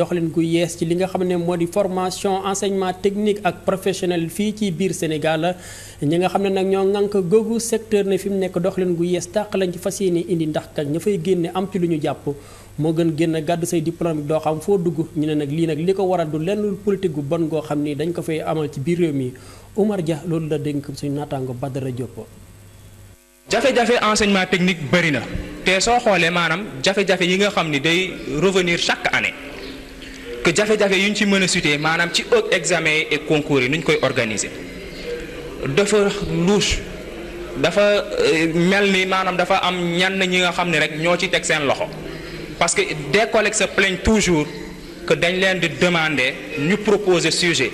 doxalin gu yees ci li nga xam ne moo di formation enseignement technique ak professionnel fii ci biir Sénégal ñi nga xam ne nag ñoo ŋànk googu secteur ne fi mu nekk doxalin gu yees tàq lañ ci fas yéene indi ndax kat ña fay génne am ci lu ñu jàpp moo gën génn gàddu say diplôme doo xam foo dugg ñu ne nag lii nag li ko waral du lenn politique gu bon goo xam ni dañ ko fay amal ci biir réew mi Oumar Dia loolu la dénk suñu naataango Badara Diop. jafe-jafe enseignement technique bëri na te soo xoolee maanaam jafe yi nga xam ni day revenir chaque année. que jafe-jafe yu ñu ci mën a maanaam ci ëpp examen yi et concours yi nu ñu koy organiser dafa louche dafa euh, mel ni maanaam dafa am ñenn ñi nga xam ne rek ñoo ci teg seen loxo parce que des collègues se plaignent toujours que dañ leen di demander ñu proposer sujet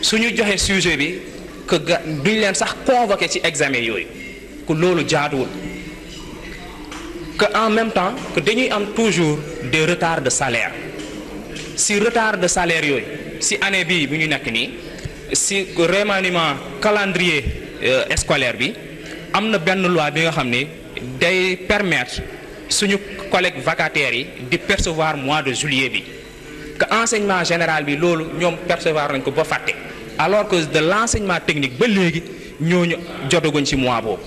suñu joxe sujet bi que ga duñ leen sax convoqué ci examen yooyu ku loolu jaaduwul que en même temps que dañuy am toujours de retards de salaire ci retard de salaire yooyu si année bii bu ñu nekk nii si remaniement calendrier euh, scolaire bi am na benn loi bi nga xam ni day permettre suñu collègues vacataires yi di percevoir mois de juillet bi que enseignement général bi loolu ñoom percevoir nañ ko ba fàtte alors que de l' enseignement technique ba léegi ñooñu jotaguñ ci mois boobu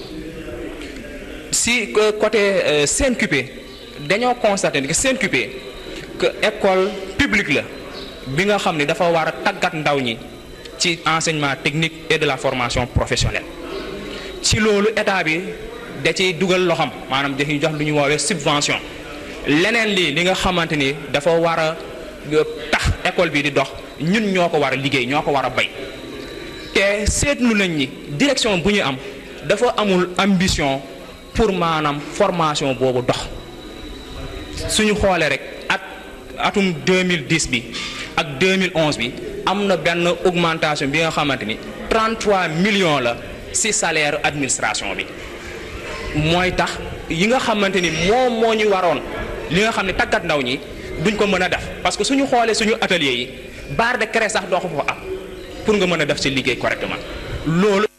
si euh, côté CNQP euh, dañoo constaté que CNQP que école publique la bi nga xam ne dafa war a tàggat ndaw ñi ci enseignement technique et de la formation professionnelle ci loolu état bi da ciy dugal loxam maanaam dañuy jox lu ñu woowee subvention leneen lii li nga xamante ni dafa war a euh, tax école bi di dox ñun ñoo ko war a liggéey ñoo ko war a bay te seetlu nañ ni direction bu ñu am dafa amul ambition pour maanaam formation boobu dox suñu xoolee rek. atum 2010 bi ak 2011 bi am na benn augmentation bi nga xamante ni 33 million la ci salaire administration bi mooy tax yi nga xamante ni moom moo ñu waroon li nga xam ne tàggat ndaw ñi duñ ko mën a def parce que suñu xoolee suñu atelier yi barre de craie sax doo ko fa am pour nga mën a def ci liggéey correctement loolu